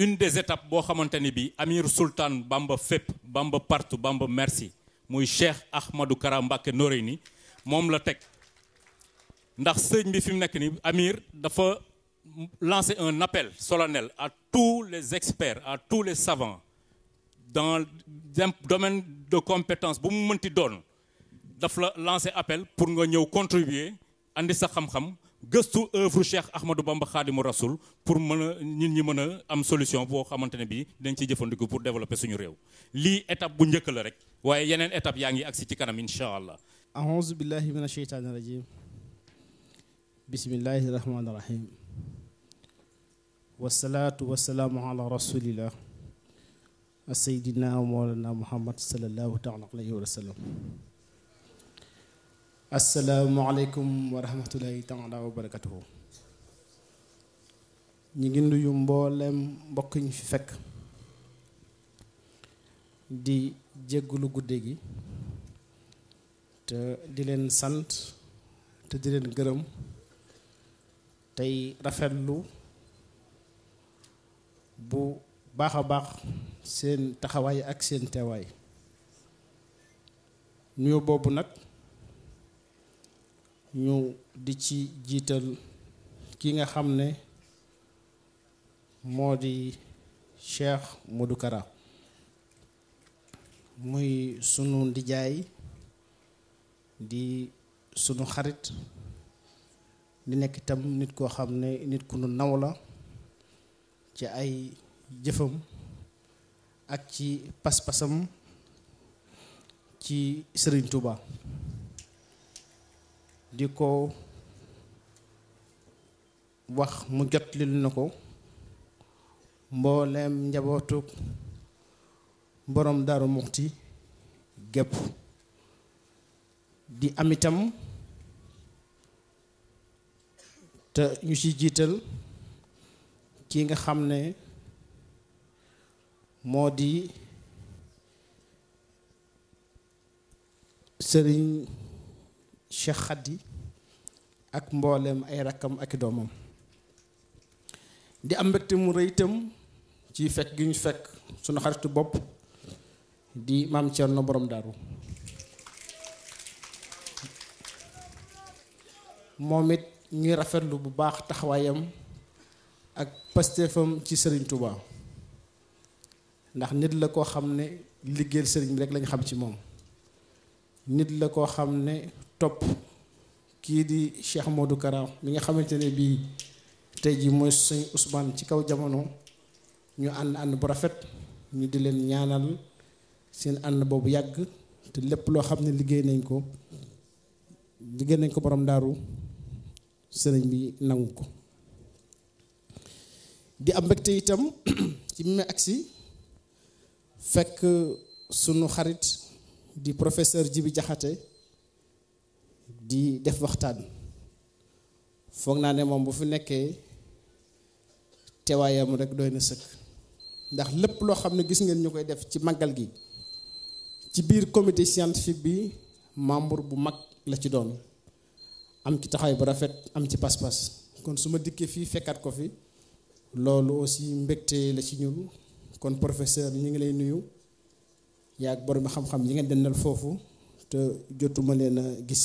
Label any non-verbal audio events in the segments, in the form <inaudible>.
une des étapes bo xamante bi Amir Sultan Bamba Fep, Bamba partout Bamba merci moy Cheikh Ahmadou Kara Mbacké Noreyni mom la tek ndax seigne bi fim ni Amir dafa lancer un appel solennel à tous les experts à tous les savants dans domaine de compétence bu mu meunti doon daf la lancer appel pour nga ñeu contribuer andi sa xam-xam gëstu œuvre Cheikh Ahmadou Bamba Khadimu Rasoul pour mën nit ñi mën a am solution boo xamante ne bii dañ ciy jëfandiku pour développer suñu réew lii étape bu njëkk la rek waaye yeneen étape yaa ngi agsi ci kanam incha allah. aouzu billahi mina sheytaani rajim bismillahi rahmaani rahim wasalaatu wasalaamu ala rasulillah sayyidina mawlana muhammad sallallahu taala alayhi wa sallam asalaamualeykum wa rahmatulahi taala wa barakatuhu ñi ngi nuyu mboolem mbokk ñu fi fekk di jéggulu gudde gi te di leen sant te di leen gërëm tey rafetlu bu baaxa baax seen taxawaay ak seen teewaay nuyu boobu nag ñu di ci jiital ki nga xam ne moo di Cheikh Modou Kara muy sunu ndijaay di sunu xarit di nekk itam nit koo xam ne nit ku nu naw la ci ay jëfam ak ci pas-pasam ci Sëriñ Tuuba di ko wax mu jotlil na ko mbooleem njabootu boroom Daaru Muxti gépp di am itam te ñu ci jiital ki nga xam ne moo di sëriñ Cheikh Khady ak mbooleem ay rakkam ak i doomam di am mbégte mu rëy ci fekk gi ñu fekk sunu xaritu bopp di maam Thierno borom daaru moom it ñuy rafetlu bu baax taxawaayam ak pasteefam ci Serigne Touba ndax nit la koo xam ne liggéeyal sëriñ bi rek lañ xam ci moom nit la ko xam ne topp kii di Cheikh Modou Kara mi nga xamante ne bii tey jii mooy sëñ Ousmane ci kaw jamono ñu ànd ànd bu rafet ñu di leen ñaanal seen ànd boobu yàgg te lépp loo xam ne liggéey nañ ko liggéey nañ ko boroom daaru sëriñ bi nangu ko di am mbégte itam <clears throat> ci mi agsi fekk sunu xarit di professeur Djibi Diakhaté di def waxtaan foog naa ne moom bu fi nekkee teewaayam rek doy na sëkk ndax lépp loo xam ne gis ngeen ñu koy def ci màggal gi ci biir comité scientifique bi membre bu mag la ci doon am ci taxawaay bu rafet am ci pas-pas kon su ma dikkee fii fekkaat ko fi loolu aussi mbégte la ci ñuul kon professeur ñu ngi lay nuyu yaa ak borom xam-xam yi ngeen dendal foofu te jotuma leen a gis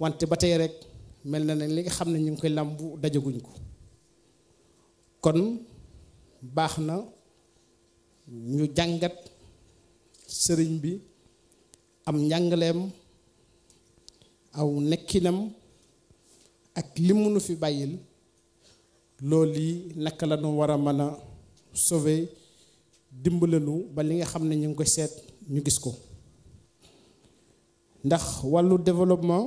wante ba tey rek mel na ne li nga xam ne ñu ngi koy làmbu dajaguñ ko kon baax na ñu jàngat sëriñ bi am njàngaleem aw nekkinam ak li mu fi bàyyil lool yi naka la war a mën a sauver dimbalanu ba li nga xam ne ñu ngi koy seet ñu gis ko ndax wàllu développement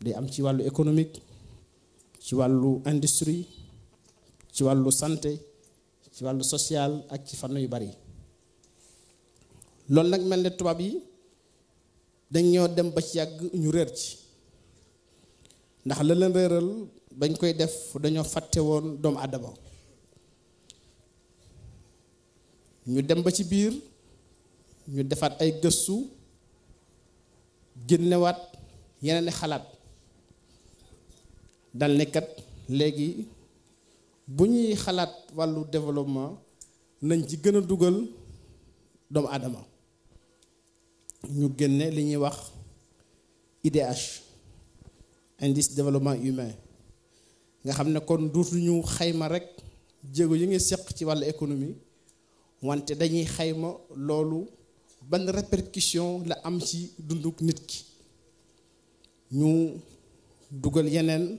day am ci wàllu économique ci wàllu industrie ci wàllu santé ci wàllu social ak ci fànn yu bari loolu nag mel ne tubaab yi dañoo dem ba ci yàgg ñu réer ci ndax la leen réeral bañ koy def dañoo fàtte woon doomu aadama ñu dem ba ci biir ñu defaat ay gëstu génnewaat yeneen i xalaat dal nekkat léegi bu ñuy xalaat wàllu développement nañ ci gën a dugal doomu aadama ñu génne li ñuy wax IDH indice développement humain nga xam ne kon ñu xayma rek jéego yi nga seq ci wàllu économie wante dañuy xayma loolu ban répercussion la am ci dunduk nit ki ñu dugal yeneen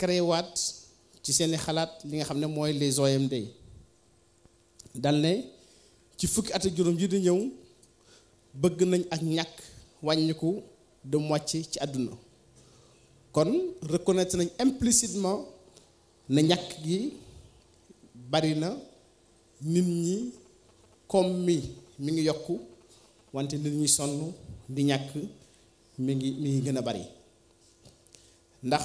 créé waat ci seeni xalaat li nga xam ne mooy les OMD dal ne ci fukki at juróom ji di ñëw bëgg nañ ak ñakk wàññiku de wàcc ci àdduna kon reconnaître nañ implicitement ne ñàkk gi bari na nit ñi kom mi mi ngi yokk wante nit ñi sonn di ñàkk mi ngi mi ngi gën a bari ndax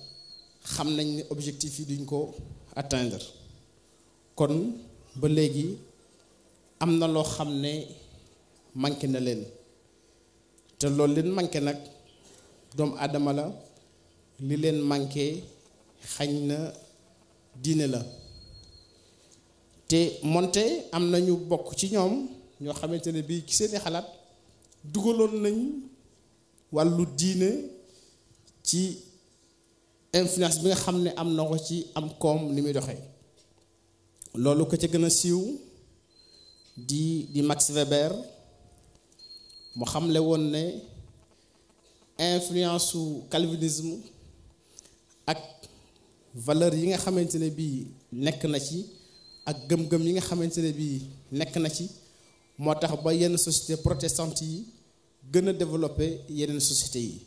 xam nañ ne objectif yi duñ ko atteindre kon ba léegi am na loo xam ne manqué na leen te loolu leen manqué nag doomu aadama la li leen manqué xañ na diine la te monte am ñu bokk ci ñoom ñoo xamante ne bii ci seeni xalaat dugaloon nañ wàllu diine ci influence bi nga xam ne am na ko ci am koom ni muy doxee loolu ko ci gën a siiw di di Max Weber mu xamle woon ne influence calvinisme ak valeur yi nga xamante ne bii nekk na ci ak gëm-gëm yi nga xamante ne bii nekk na ci moo tax ba yenn société protestante yi gën a développé yeneen société yi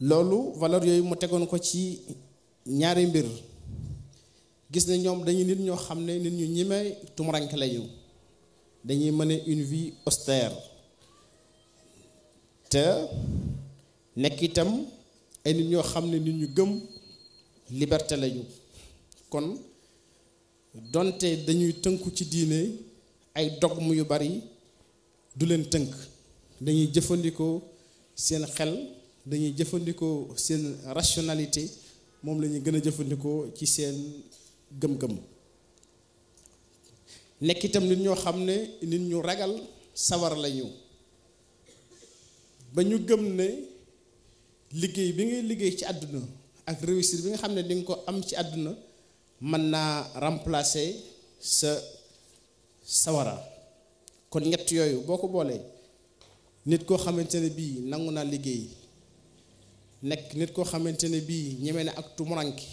loolu valeur yooyu mu tegoon ko ci ñaari mbir gis ne ñoom dañuy nit ñoo xam ne nit ñu ñime tumuranke lañu dañuy mener une vie austère te nekk itam ay nit ñoo xam ne nit ñu gëm liberté lañu kon donte dañuy tënku ci diine ay dogme yu bari du leen tënk dañuy jëfandikoo seen xel dañuy jëfandikoo seen rationalité moom lañuy gën a jëfandikoo ci seen gëm-gëm nekk itam nit ñoo xam ne nit ñu ragal sawar lañu ba ñu gëm ne liggéey bi ngay liggéey ci àdduna ak réussir bi nga xam ne di nga ko am ci àdduna mën naa remplacer sa sawara kon ñett yooyu boo ko boolee nit koo xamante ne bii nangu naa liggéey nekk nit koo xamante ne bii ñeme na ak tumuranki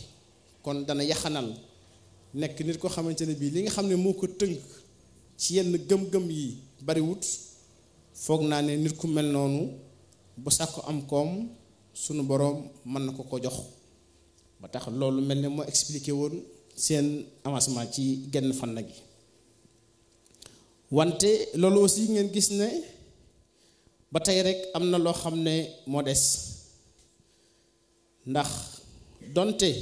kon dana yaxanal nekk nit koo xamante ne bii li nga xam ne moo ko tënk ci yenn gëm-gëm yi bariwut foog naa ne nit ku mel noonu bu sàkku am koom sunu boroom mën na ko ko jox ba tax loolu mel ne moo expliqué woon seen avancement ci genn fànn gi wante loolu aussi ngeen gis ne ba tey rek am na loo xam ne moo des ndax donte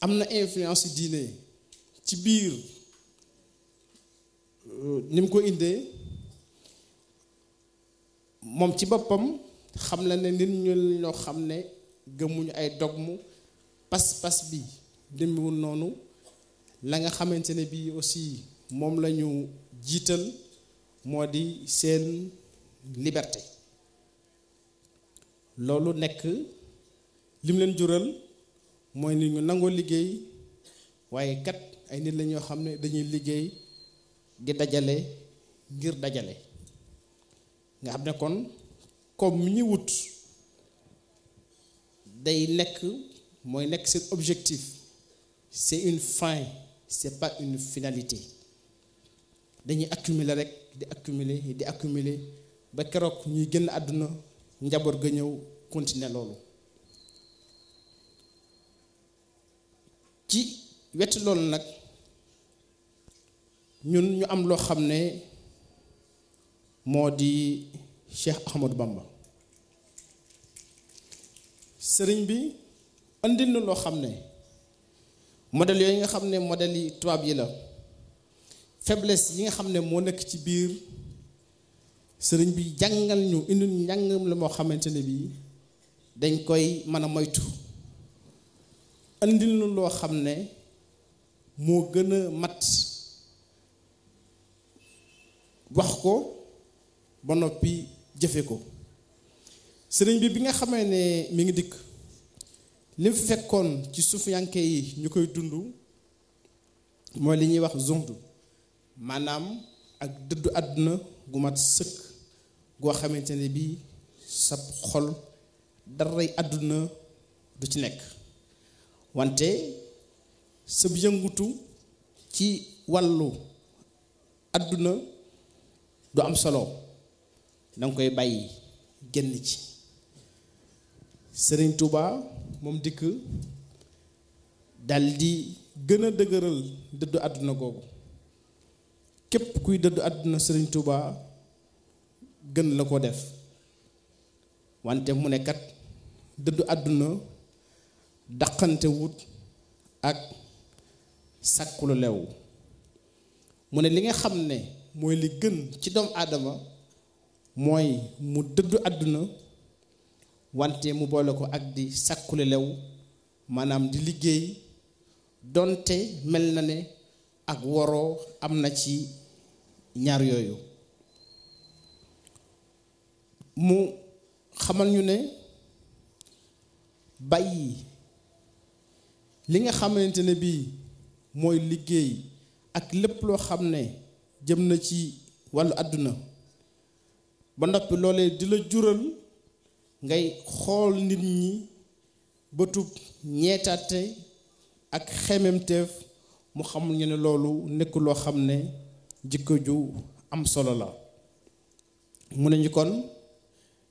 am influence diine ci biir euh, ni mu ko indee moom ci boppam xam la ne ñu ay pas-pas bi demewul noonu la nga xamante ne bii aussi moom la ñu jiital moo liberté loolu nekk lim leen jural mooy nit ñu nangoo liggéey waaye kat ay nit la ñoo xam ne dañuy liggéey di dajale ngir dajale nga xam ne kon comme mi ñu wut day nekk mooy nekk seen objectif c'est une fin c'est pas une finalité dañuy accumuler rek di accumuler di accumuler ba keroog ñuy génn àdduna njaboot ga ñëw continuer loolu ci wetu loolu nag ñun ñu am loo xam ne moo di Cheikh Ahmadou Bamba sëriñ bi andil na loo xam ne modèle yooyu nga xam ne modèle yi tubaab yi la faiblesse yi nga xam ne moo nekk ci biir sëriñ bi jàngal ñu indil njàngam la moo xamante ne bii dañ koy mën a moytu andil nu loo xam ne moo gën a mat wax ko ba noppi jëfe ko sëriñ bi bi nga xamee ne mu ngi dikk li fekkoon ci suufiyanke yi ñu koy dund mooy li ñuy wax zumdu maanaam ak dëddu àdduna gu mat sëkk goo xamante ne bii sab xol daray àdduna du ci nekk wante sab yëngutu ci wallu àdduna du am solo danga koy bàyyi génn ci Sëriñ Tuuba moom dikk daldi gën a dëgëral dëddu àdduna googu képp kuy dëddu àdduna Sëriñ Tuuba gën la ko def wante mu ne dëddu àdduna daqante ak sàkku lew mu ne li nga xam ne mooy li gën ci doomu aadama mooy mu dëddu àdduna wante mu boole ko ak di sàkku lew maanaam di liggéey donte mel na ne ak woroo am na ci ñaar yooyu mu xamal ñu ne bàyyi li nga xamante ne bii mooy liggéey ak lépp loo xam ne jëm na ci wàllu àdduna ba noppi loolee di la jural ngay xool nit ñi bëtub ñeetaate ak xememteef mu xamul ñu ne loolu nekk loo xam ne jikko ju am solo la mu ne ñu kon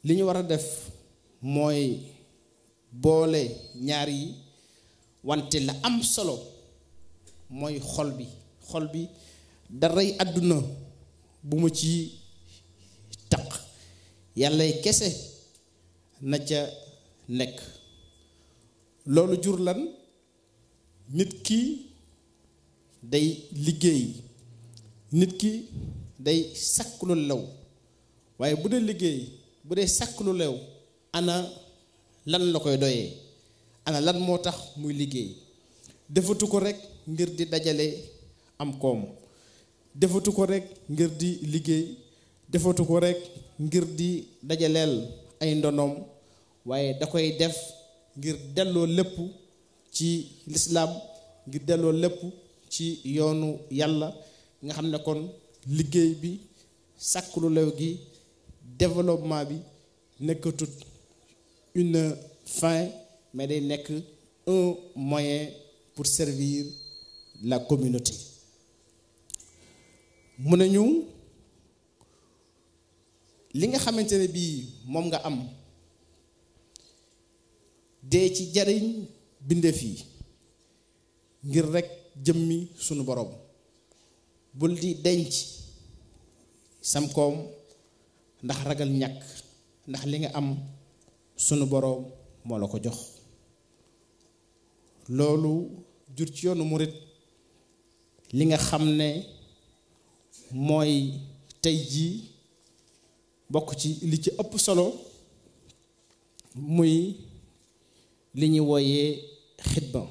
li ñu war a def mooy boole ñaar yi wante la am solo mooy xol bi xol bi daray àdduna bu mu ci taq yàllay kese na ca nekk loolu jur lan nit ki day liggéey nit ki day sàkk lew waaye bu dee liggéey bu dee sàkk lew ana lan la koy doyee ana lan moo tax muy liggéey defatu ko rek ngir di dajale am koom defatu ko rek ngir di liggéey defatu ko rek ngir di dajaleel ay ndonom waaye da koy def ngir delloo lépp ci lislaam ngir delloo lépp ci yoonu yàlla nga xam ne kon liggéey bi sàkkulu lew gi développement bi nekkatut une fin mais day nekk un moyen pour servir la communauté mun nañu li nga xamante ne bii moom nga am dee ci jariñ bindeef yi ngir rekk jëmmi sunu borom bul di denc sam koom ndax ragal ñàkk ndax li nga am sunu boroom moo la ko jox loolu jur ci yoonu murit li nga xam ne mooy tey jii bokk ci li ci ëpp solo muy li ñuy wooyee xidma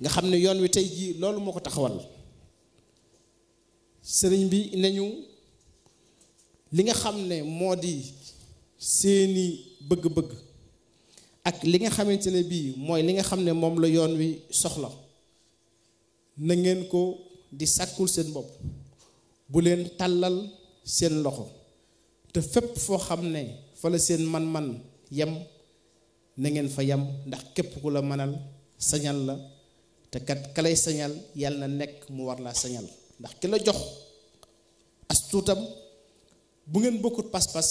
nga xam ne yoon wi tey jii loolu moo ko taxawal sëriñ bi nañu li nga xam ne moo di seeni bëgg-bëgg ak li nga xamante ne bii mooy li nga xam ne moom la yoon wi soxla na ngeen ko di sàkkul seen bopp bu leen tàllal seen loxo te fépp foo xam ne fa la seen man-man yem na ngeen fa yem ndax képp ku la mënal sañal la te kat ka lay sañal yàlla na nekk mu war laa sañal ndax ki la jox as bu ngeen bokkut pas-pas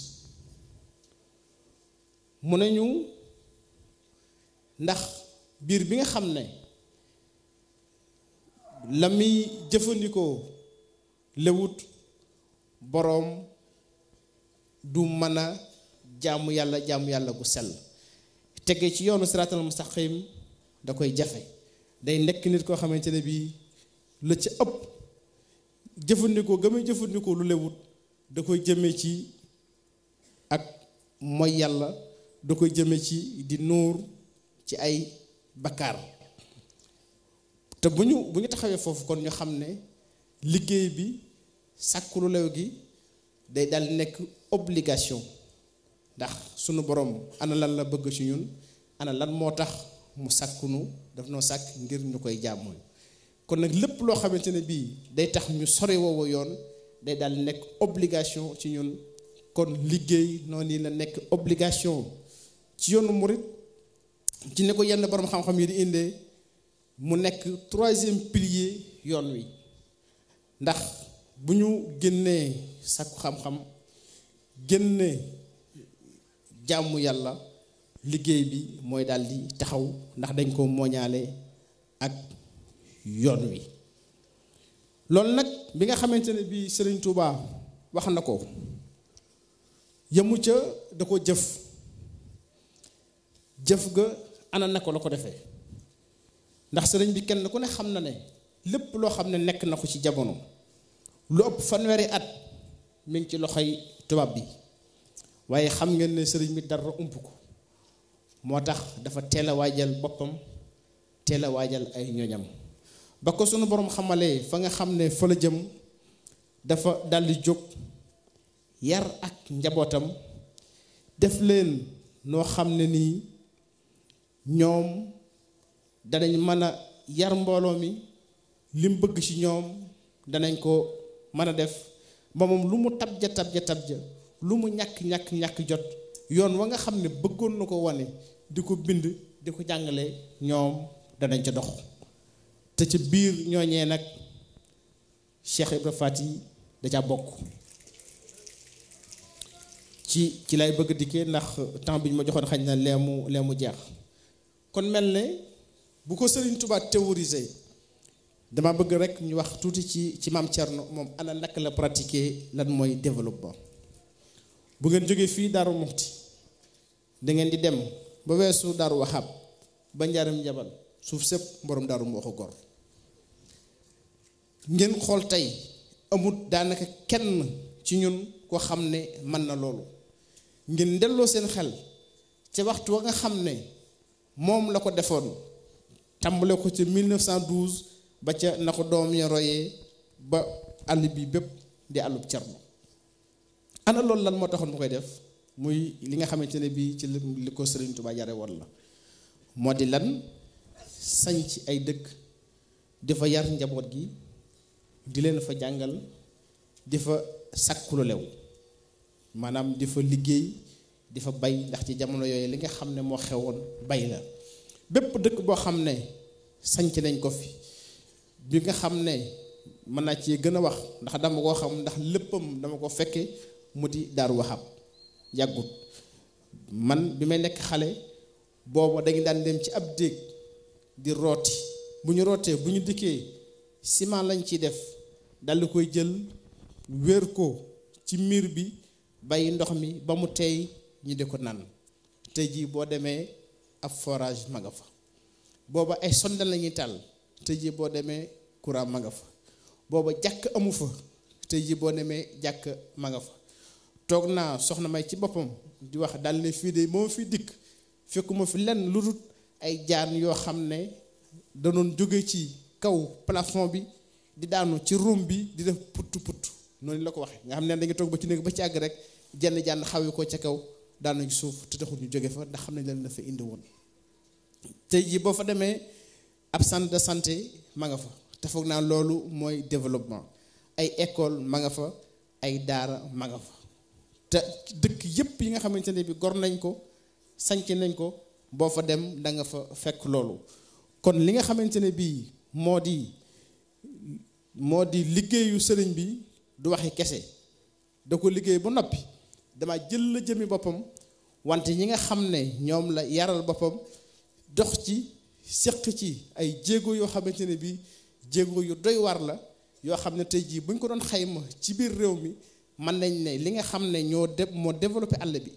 mu ne ñu ndax biir bi nga xam ne la muy jëfandikoo lewut boroom du mën a jaamu yàlla jàmm yàlla gu sell tege ci yoonu siraatal mustaqim da koy jafe day ndekk nit koo xamante ne bii la ci ëpp jëfandikoo ga may jëfandikoo lu lewut da koy jëmee ci ak mooy yàlla da koy jëme ci di nuur ci ay bakkaar te bu ñu bu ñu taxawee foofu kon ñu xam ne liggéey bi sàkkulu lew gi day dal nekk obligation ndax sunu borom ana lan la bëgg ci ñun ana lan moo tax mu sàkkunu daf noo sàkk ngir ñu koy jàmmoñ kon nag lépp loo xamante ne bii day tax ñu sore woowu yoon day dal nekk obligation ci ñun kon liggéey noonu la nekk obligation ci yoonu murit ci ne ko yenn borom xam-xam yi di indee mu nekk troisième pilier yoon wi ndax bu ñu génnee sàkku xam-xam génnee jàmmu yàlla liggéey bi mooy daal taxaw ndax dañ ko mooñaale ak yoon wi loolu nag bi nga xamante ne bii Serigne wax na ko yemu ca da ko jëf jëf ga ana naka la ko defee ndax sëriñ bi kenn ku ne xam na ne lépp loo xam ne nekk na ko ci jamono lu ëpp fanweeri at mi ngi ci loxoy tubaab bi waaye xam ngeen ne sëriñ bi dara ump ko moo tax dafa teel a waajal boppam teel a waajal ay ñoñam ba ko sunu borom xamalee fa nga xam ne fa la jëm dafa daldi jóg yar ak njabootam def leen noo xam ne nii ñoom danañ mën a yar mbooloo mi lim bëgg ci ñoom danañ ko mën a def ba lu mu tabja tabja tabja lu mu ñàkk ñàkk ñàkk jot yoon wa nga xam ne bëggoon na ko wane di ko bind di ko jàngale ñoom danañ ca dox te ca biir ñooñee nag Cheikh Ibra Fati da ca bokk ci ci lay bëgg dikkee ndax temps bi ñu ma joxoon xañ na leemu leemu jeex kon mel ne bu ko Serigne tubaat théorisé dama bëgg rek ñu wax tuuti ci ci maam Thierno moom ana nak la pratiquer lan mooy développement bu ngeen jógee fii Daaru moxti da ngeen di dem ba weesu Daaru Waxaab ba Njaaram Njabal suuf sëpp borom daaru moo ko gor ngeen xool tey amut daanaka kenn ci ñun ko xam ne mën na loolu ngeen delloo seen xel ca waxtu wa nga xam ne moom la ko defoon tàmbale ko ca 1912 ba ca na ko doom ya royee ba àll bi bépp di àllub Cerno ana loolu lan moo taxoon mu koy def muy li nga xamante ne bii ci li ko Sëriñ Tuubaa jare woon la moo di lan sañ ci ay dëkk di fa yar njaboot gi di leen fa jàngal di fa sàkkulu lew maanaam di fa liggéey di fa bay ndax ci jamono yooyu li nga xam ne moo xewoon bay la bépp dëkk boo xam ne sanc nañ ko fi bi nga xam ne mën naa ci gën a wax ndax dama koo xam ndax léppam dama ko fekke mu di daaru waxam yàggut man bi may nekk xale booba dañu daan dem ci ab déeg di rooti bu ñu rootee bu ñu dikkee ciment lañ ciy def dal di koy jël wér ko ci miir bi bàyyi ndox mi ba mu teey ñu di ko naan tey jii boo demee ab forage maga fa booba ay sonde la ñuy taal tey jii boo demee courant maga fa booba jàkk amu fa tey jii boo demee jàkk maga fa toog naa soxna may ci boppam di wax daal ne fii de moo fi dikk fekkuma fi lenn lu dul ay jaan yoo xam ne danoon jóge ci kaw plafond bi di daanu ci ruum bi di def put put noonu la ko waxee nga xam ne dañuy toog ba ci néeg ba ci àgg rek jenn jaan xawi ko ca kaw daan nañ suuf te taxul ñu jóge fa ndax xam nañ leen dafa indi woon tey jii boo fa demee ab centre de santé ma fa te foog naa loolu mooy développement ay école manga fa ay daara ma fa te dëkk yépp yi nga xamante ne bi gor nañ ko sanc nañ ko boo fa dem danga fa fekk loolu kon li nga xamante ne bii moo di moo di liggéeyu sëriñ bi du waxi kese da ko liggéey ba noppi dama jël la jëmi boppam wante ñi nga xam ne ñoom la yaral boppam dox ci séq ci ay jéego yoo xamante ne bi jéego yu doy war la yoo xam ne tey jii bu ñu ko doon xayma ci biir réew mi mën nañ ne li nga xam ne ñoo de moo développé àll bi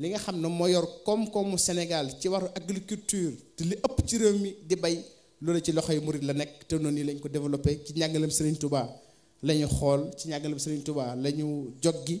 li nga xam ne moo yor koom-koomu Sénégal ci waru agriculture te li ëpp ci réew mi di bay loolu ci loxo loxoy murid la nekk te noonu lañ ko développé ci njàngalam Serigne Touba la xool ci njàngalam Serigne Touba lañu ñu joggi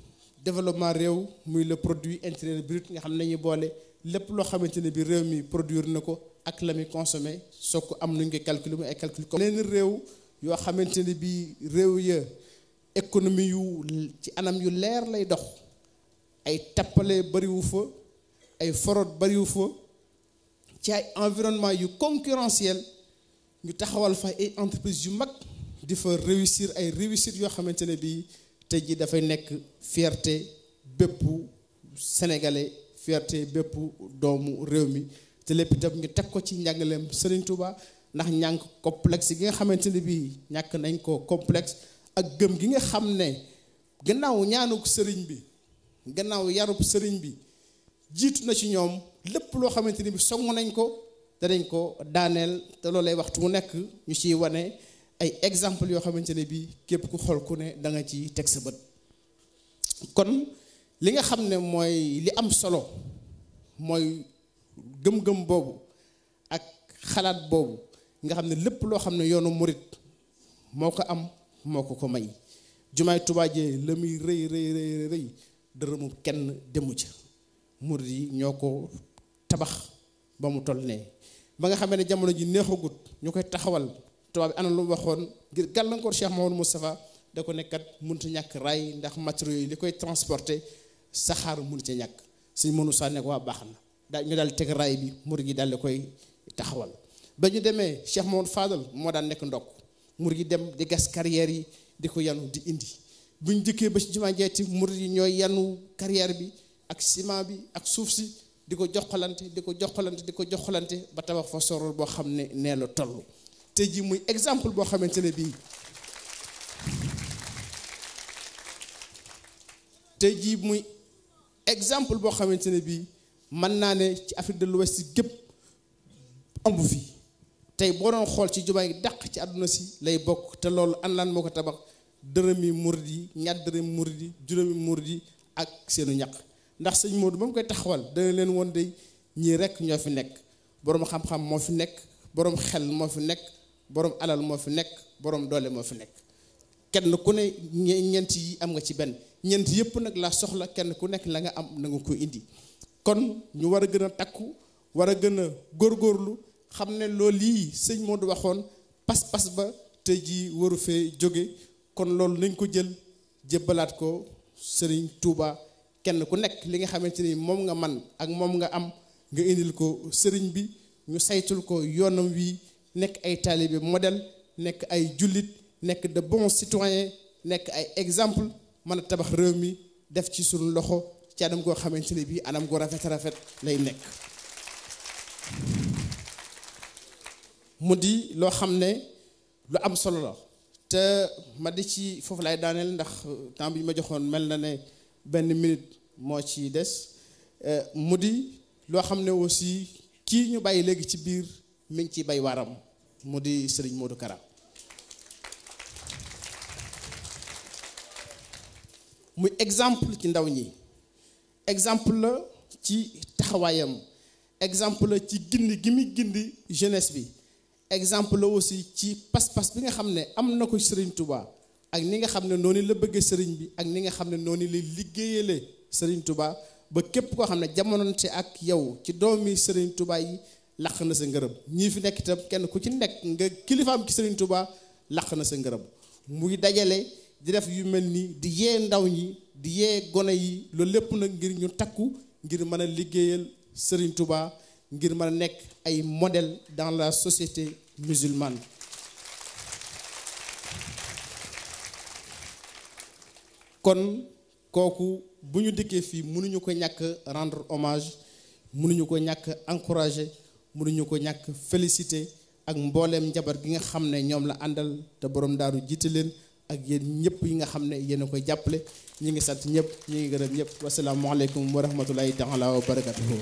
développement réew muy le produit intérieur brut nga xam ne dañuy boole lépp loo xamante ne bi réew mi produire na ko ak la muy consommé soo ko am nuñ koy calculer mu ay calcul comme leen réew yoo xamante ne bi réew ya économie yu ci anam yu leer lay dox ay tappale bariwu fa ay forot bariwu fa ci ay environnement yu concurrentiel ñu taxawal fa ay entreprise yu mag di fa réussir ay réussite yoo xamante ne bii te ji dafay nekk fierté bépp sénégalais fierté bépp doomu réew mi te lépp itam ñu teg ko ci njàngaleem Serigne Touba ndax ñànk complexe gi nga xamante ne bii ñàkk nañ ko complexe ak gëm gi nga xam ne gannaaw ñaanuk sëriñ bi gannaaw yarub sëriñ bi jiitu na ci ñoom lépp loo xamante ne bi song nañ ko danañ ko daaneel te loolay waxtu mu nekk ñu ciy wane ay exemple yoo xamante ne bii képp ku xool ku ne danga nga ci teg sa bët kon li nga xam ne mooy li am solo mooy gëm-gëm boobu ak xalaat boobu nga xam ne lépp loo xam ne yoonu murit moo ko am moo ko ko may jumaay Tuubaa jee la muy rëy rëy rëy rëy dërëmu kenn demu ca murit yi ñoo ko tabax ba mu toll ne ba nga xamee ne jamono ji neexagut ñu koy taxawal tubaab bi ana lu waxoon ngir gàllankoor Cheikh Mahamadou Moustapha da ko nekkat mënut ñàkk raay ndax matériaux yi li koy transporter saxaar mënu ci ñàkk suñ mënu saa nekk waa baax na daal ñu daal teg raay bi murid gi daal di koy taxawal ba ñu demee Cheikh Mahamadou Fadal moo daan nekk ndokk mur gi dem di gas carrière yi di ko yanu di indi buñ njëkkee ba ci jumaa njeeti murid yi ñooy yanu carrière bi ak ciment bi ak suuf si di ko joxalante di ko joxalante di ko joxalante ba tabax fa sorol boo xam ne nee la toll te ji muy exemple boo xamante ne bii te ji muy exemple boo xamante ne bii mën naa ne ci Afrique de l'Ouest gépp ambu fi tey boo doon xool ci jumaa yi dàq ci àdduna si lay bokk te loolu an laan moo ko tabax dërëmi murid yi ñaar dërëmi murid yi juróomi murid yi ak seenu ñaq ndax sëñ Modou ba mu koy taxawal dana leen woon de ñii rekk ñoo fi nekk boroomu xam-xam moo fi nekk boroom xel moo fi nekk borom alal mo fi nek borom dole mo fi nek kenn ku ne ñent yi am nga ci ben ñent nag la soxla kenn ku nekk la nga am na nga ko indi kon ñu war a gën a takku war a gën a góorgóorlu xam ne loolu sëñ Modou waxoon pas-pas ba tey jii waru fee jóge kon loolu nañ ko jël jébbalaat ko sëriñ Touba kenn ku nekk li nga xamante ni nga man ak moom nga am nga indil ko sëriñ bi ñu saytul ko yoonam wi nek ay talibé modèle nek ay jullit nek de bons citoyens nek ay exemple man a tabax réew mi def ci suñu loxo ci adam go xamante ne bii anam rafet rafet lay nek mu lo xamné lu am solo la te ma di ci fofu lay daaneel ndax temps bi ma joxone mel na ne ben minute mo ci des euh di lo xamné aussi ki ñu bàyyi légui ci biir mi ngi ciy bay waaram mu di Serigne muy exemple ci ndaw ñi exemple la ci taxawaayam exemple la ci gindi gi muy gindi jeunesse bi exemple la aussi ci pas-pas bi nga xam ne am na ko Serigne Touba ak ni nga xam ne noonu la bëggee Serigne bi ak ni nga xam ne noonu la liggéeyale Serigne Touba ba képp koo xam ne jamononte ak yow ci doomi Serigne Touba yi laq na sa ngërëm ñii fi nekk itam kenn ku ci nekk nga kilifaam ci Serigne Touba laq na sa ngërëm muy dajale di def yu mel di ndaw ñi di dans la société musulmane. kon koku bu ñu dikkee mënuñu ko rendre hommage mënuñu ko encourager. mënuñu ko ñàkk félicité ak mbooleem jabar gi nga xam ne ñoom la àndal te borom daaru jiite leen ak yéen ñëpp yi nga xam ne yéen a koy jàppale ñi ngi sant ñëpp ñi ngi gërëm ñëpp wasalaamualeykum wa rahmatulahi taala wa barakatuhu